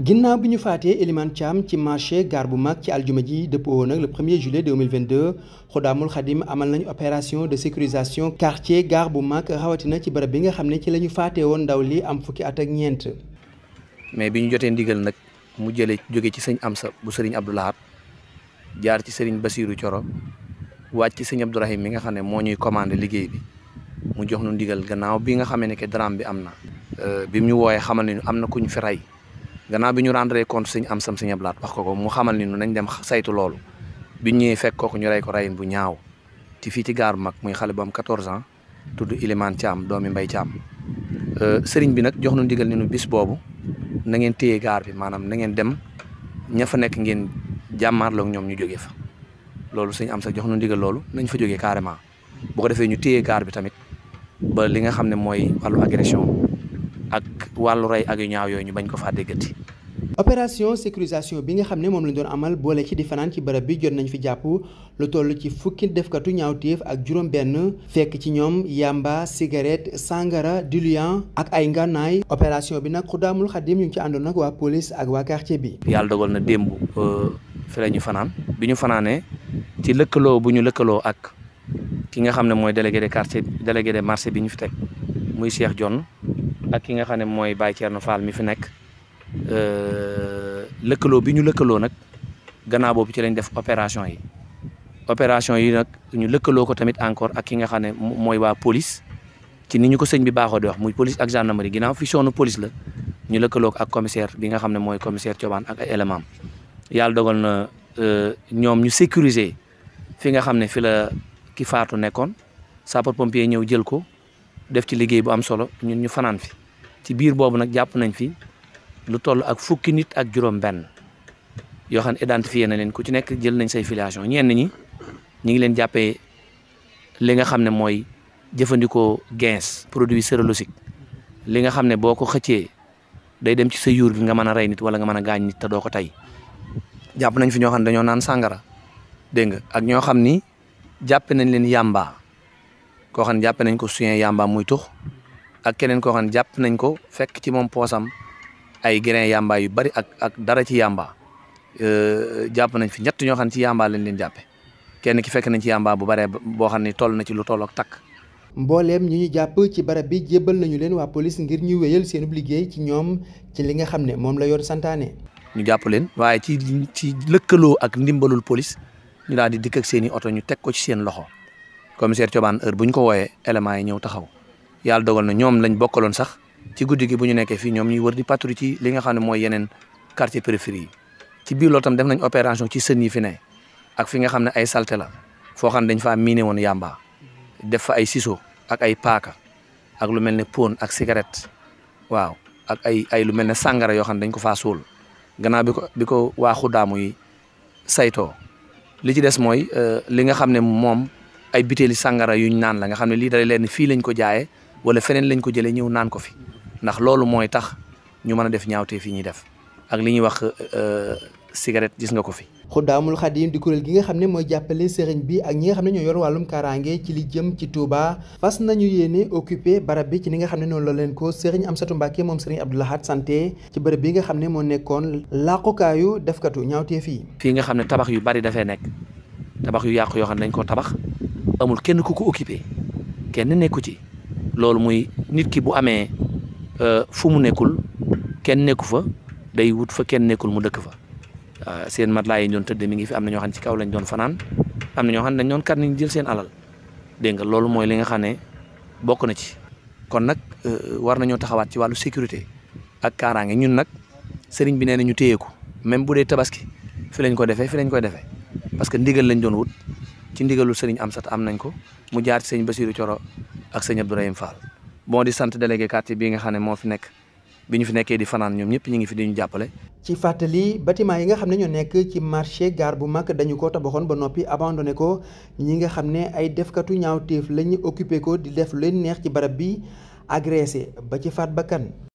ginnaaw bi ñu faatee Elimane Thiam ci marché gar bu mag ci aljuma ji dëppoo woon nag le 1er juillet 2022 Xudaamul Xadim amal nañu opération de sécurisation quartier gare bu mag rawatina ci barab bi nga xam ne ci la ñu faatee woon ndaw li am fukki at ak ñeent. mais bi ñu jotee ndigal nag mu jëlee jóge ci sëñ Amsa bu sëriñ Abdou Lahad jaar ci sëriñ Basirou Thioro wàcc ci sëñ Abdourahim mi nga xam ne moo ñuy commandé liggéey bi mu jox nu ndigal gannaaw bi nga xamee ne drame bi am na. Euh, bi mu ñu wooyee xamal ne am na ku ñu fi rey gannaaw bi ñu rendre compte suñ am sam suñu ablaat wax ko ko mu xamal ni nu nañ dem saytu loolu biñ ñuy fekk kooku ñu rey ko reyin bu ñaaw ti fii ci gaar bu mag muy xale bu am 14 ans tudd Ilimane Thiam doomi Mbay Thiam euh, sëriñ bi nag jox nu ndigal ni nu bis boobu na ngeen téye gaar bi maanaam na ngeen dem ña fa nekk ngeen jàmmaarloog ñoom ñu jógee fa loolu suñ am sax jox nu ndigal loolu nañ fa jógee carrément bu ko defee ñu téye gaar bi tamit ba li nga xam ne mooy wàllu agression ak wàllu rey ak yu ñaaw yooyu ñu bañ ko faa déggati opération sécurisation bi nga xam ne moom lañ doon amal boole ci di fanaan ci barab bi jot nañ fi jàpp lu toll ci fukki defkatu ñaawteef ak juróom-benn fekk ci ñoom yamba cigarette sangara diluant ak ay ngànnaay opération bi nag Xudaamul Xadim ñu ngi ci àndoon nag waa police ak waa quartier bi. yàlla dogal na démb euh, ñu fanaan bi ñu fanaanee ci lëkkaloo bu ñu lëkkaloo ak ki nga xam ne mooy délégué de quartier délégué de marché bi ñu fi teg muy Cheikh John ak ki nga xam ne mooy Baye Thierno Fall mi fi nekk. Euh, lëkkaloo bi ñu lëkkaloo nag gannaaw boobu ci lañ def opération yi opération yi nag ñu lëkkaloo ko tamit encore ak ki nga xam ne mooy waa police ci ni ñu ko sëñ bi baaxoo di wax muy police ak gendarmerie ginnaaw fusion nu police la ñu lëkkaloo ko ak bi nga xam ne mooy commissaire Thioban ak ay élément am yàlla na euh, ñoom ñu sécuriser fi nga xam ne fi la ki faatu nekkoon sapeur pompier ñëw jël ko def ci liggéey bu am solo ñun ñu fanaan fi ci biir boobu nag jàpp nañ fi lu toll ak fukki nit ak juróom-benn yoo xam ne identifié na leen ku ci nekk jël nañ say filiation ñenn ñi ñu ngi leen jàppee li nga xam ne mooy jëfandikoo gens produit sérologique li nga xam ne boo ko xëccee day dem ci sa yuur gi nga mën a rey nit wala nga mën a gaañ nit te doo ko tey jàpp nañ fi ñoo xam ne dañoo naan sàngara dégg nga ak ñoo xam ni jàpp nañ leen yàmba koo xam ne jàppe nañ ko suyen yàmba muy tux ak keneen koo xam ne jàpp nañ ko fekk ci moom poosam ay grain yamba yu bari ak ak dara ci yamba euh, jàpp nañ fi ñett ñoo xam ne ci yamba lañ leen jàppe kenn ki fekk nañ ci yamba bu baree boo xam ne toll na ci lu toll ak takk. mbooleem ñi ñu jàpp ci barab bi jébbal nañu leen waa police ngir ñu wéyal seen liggéey ci ñoom ci li nga xam ne moom la yoon santaane. ñu jàpp leen waaye ci ci lëkkaloo ak ndimbalul police ñu daal di dikk ak seen i oto ñu teg ko ci seen loxo commissaire Thioban heure bu ñu ko wooyee éléments yi ñëw taxaw yàlla dogal lañ bokkaloon sax ci guddi ki bu ñu nekkee fii ñoom ñuy wër di patrouille ci li nga xam ne mooy yeneen quartier périphérie yi ci biir loolu def nañ opération ci sën yi fi ne ak fi nga xam ne ay salté la foo xam ne dañ faa miine woon yàmba def fa ay siso ak ay paaka ak lu mel ne pon ak cigarette waaw ak ay ay lu mel ne sàngara yoo xam ne dañ ko faa suul bi ko bi ko waa xudaamu yi saytoo li ci des mooy euh, li nga xam ne moom ay bitéeli sàngara yuñ naan la nga xam ne lii dalee leen fii lañ ko jaayee wala feneen lañ ko jëlee ñëw naan ko fi ndax loolu mooy tax ñu mën a def ñaawtee fi ñuy def ak li ñuy wax euh, euh, cigarette gis nga ko fi. Xuddaamul Xadim di kuréel gi nga xam ne mooy jàppale sëriñ bi ak ñi nga xam ne ñoo yor wàllum kaaraange ci li jëm ci Touba fas ñu yéene occupé barab bi ci ni nga xam ne noonu la leen ko sëriñ Amsatu Mbàkke moom sëriñ Abdou Lahad santé ci bërëb bi nga xam ne moo nekkoon làqukaayu defkatu ñaawteef yi. fii nga xam ne tabax yu bari dafay nekk tabax yu yàq yoo xam ne dañ ko tabax amul kenn ku ko occupé kenn nekku ci loolu muy nit ki bu amee Euh, fu mu nekkul kenn nekku fa day wut fa kenn nekkul mu dëkk fa euh, seen matelas yi ñu doon tëddee mi ngi fi am na ñoo xam ne ci kaw lañ doon fanaan am na ñoo xam ne dañ doon kar nañ jël seen alal dégg nga loolu mooy li nga xam ne bokk na ci. kon nag euh, war nañoo taxawaat ci wàllu sécurité ak kaaraange ñun nag sëriñ bi nee na ñu téye ko même bu dee tabaski fi lañ ko defee fi lañ koy defee parce que ndigal lañ doon wut ci ndigalu sëriñ Amsat am nañ ko mu jaar ci sëñ Basirou Coro ak sëñ Abdourahim Fall. bon di sant délégué quartier bii nga xam ne moo fi nekk bi ñu fi nekkee di fanaan ñoom ñëpp ñu ngi fi di ñu jàppale. ci fàttali bâtiment yi nga xam ne ñoo nekk ci marché gar bu mag dañu ko tabaxoon ba noppi abandonné ko ñi nga xam ne ay defkatu ñaawteef lañu occupé ko di def leen neex ci barab bi agressé ba ci faat bakkan